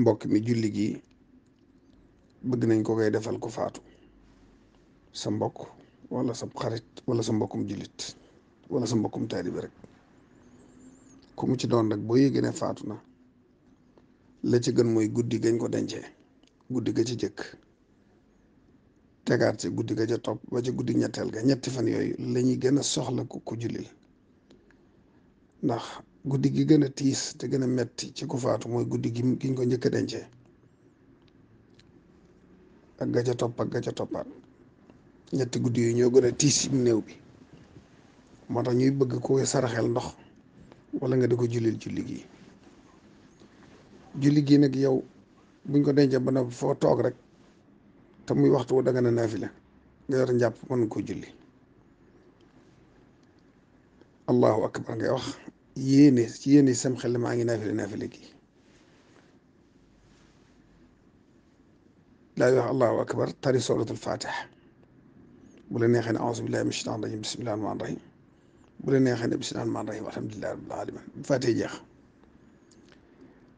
mbokk mi julli gi bëgg nañ ko koy defal ku faatu sa mbokk wala sa xarit wala sa mbokkum jullit wala sa mbokkum taalibe rek ku mu ci doon rek boo yëgee ne faatu na la ci gën mooy guddi gañ ko dencee guddi ga ci jëkk tegaat ci guddi ga ca topp ba ci guddi ñetteel ga ñetti fan yooyu lañuy gën a soxla ko ko jullil ndax guddi gi gën a tiis te gën a metti ci ku mooy guddi gi giñ ko njëkk a dencee ak ga ca topp ak ga ca toppaat ñetti guddi yooyu ñoo gën a tiis ci néew bi moo tax ñuy bëgg ku saraxel ndox wala nga di ko jullil julli gi julli gi nag yow buñ ko dencee ba na foo toog rek te muy waxtu wu danga ne naafila nga yor njàpp mën nga ko julli allahu akbar ngay wax yéene ci yéene sam xel maa ngi naafile naafile gi daal di wax allahu akbar tari suratul fatiha bu la neexee ne auzu billahi mina shaytaani rajim bismillahi rahmaani rahim bu la neexee ne bismillahi rahmaani rahim alhamdulillahi rabbil alamin bu fàttee jeex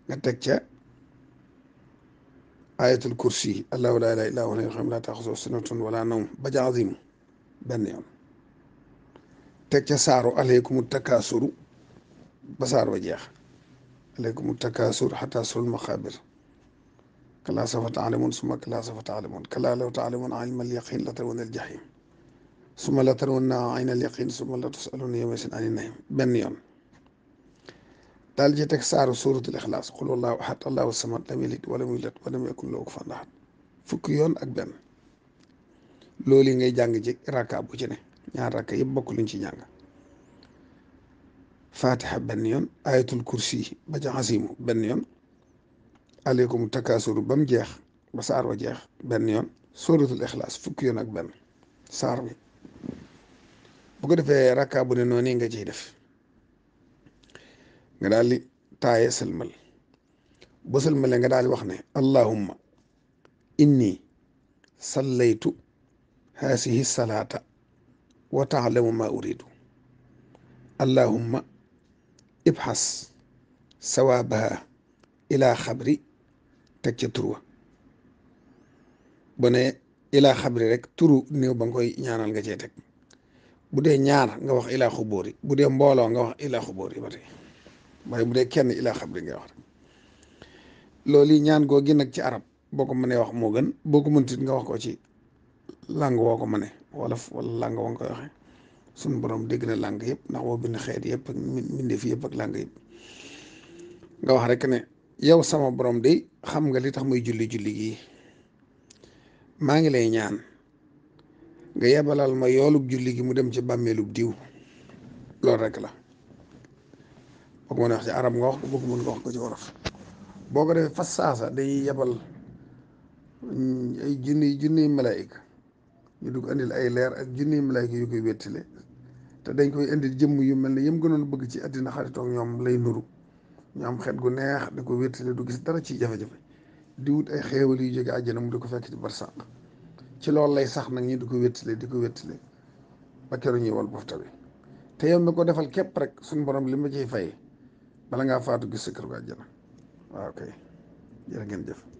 nga teg ca ayatul kursi allahu laa ilaaha illaa huwa al-hayyul qayyuum laa taaxuzuhu sinatun wala nawm ba ca azim benn yoon teg ca saaru alaykumu takaasuru basaar ba jeex aleykum takaasur xataa surul maqaabir kalaa sawfa taalamuun summa kalaa sawfa taalamuun kalaa law taalamuun ilma al-yaqiin latarawna al-jahiim summa latarawna ayna al-yaqiin summa latusaluuna yawma izin ani nahiim benn yoon daal ci teg saaru suuratul ixlaas qul huwallaahu ahad allaahu samad lam yalid wa lam yuulad wa lam yakun lahu kufuwan ahad fukki yoon ak benn loolu yi ngay jàng ci rakka bu ci ne ñaar rakka yëpp bokk luñ ci jàng. fatiha benn yoon ayatul kursi ba ca xasimu benn yoon aleykum takasuru ba mu jeex ba saar wa jeex benn yoon sóoratul ixlaas fukki yoon ak benn saar bi bu ko defee rakka bu ne noonu nga ciy def nga daal di taaye sëlmal ba nga daal di wax ne allahumma inni sallaytu haasihi salaata wa taalamu ma uridu ibxas sawaabaha ilaa xabri teg ca tur wa bu ne ilaa xabri rek turu néew ba nga koy ñaanal nga cee teg bu dee ñaar nga wax ilaa xubóori bu dee mbooloo nga wax ilaa xubóori ba tey waaye bu dee kenn ilaa xabri ngay wax rek loolu yi ñaan googi nak ci arab boo ko mënee wax moo gën boo ko mëntit nga wax ko ci làng woo ko mëne wolof wala làng woo nga koy waxee suñu borom dégg na làng yëpp ndax moo bind xeet yëpp ak mbindeef yëpp ak nga wax rek ne yow sama borom de xam nga li tax muy julli julli gi maa ngi lay ñaan nga yebalal ma yoolub julli gi mu dem ci bàmmeelub diw loolu rek la boo ko mën wax ci arab nga wax ko boo ko nga wax ko ci wolof boo ko defee fas saasa day yebal mm, ay junni junni malaayika ñu dugg andil ay leer ak junni malaayka yu koy wettile te dañ koy indil jëmm yu mel ne yëm gënoon bëgg ci àddina xaritoog ñoom lay nuru ñu am gu neex da ko wettile du gis dara ci jafe-jafe di wut ay xéewal yu jóge àjjana mu di ko fekk ci barsàq ci loolu lay sax nag ñi di ko le di ko wetti wettile ba keru ñuy wal bofta bi te yow mi ko defal képp rek suñu borom li ma ciy fay bala ngaa faatu gis sa kër gu àjjana waaw kay jërë ngeen jëf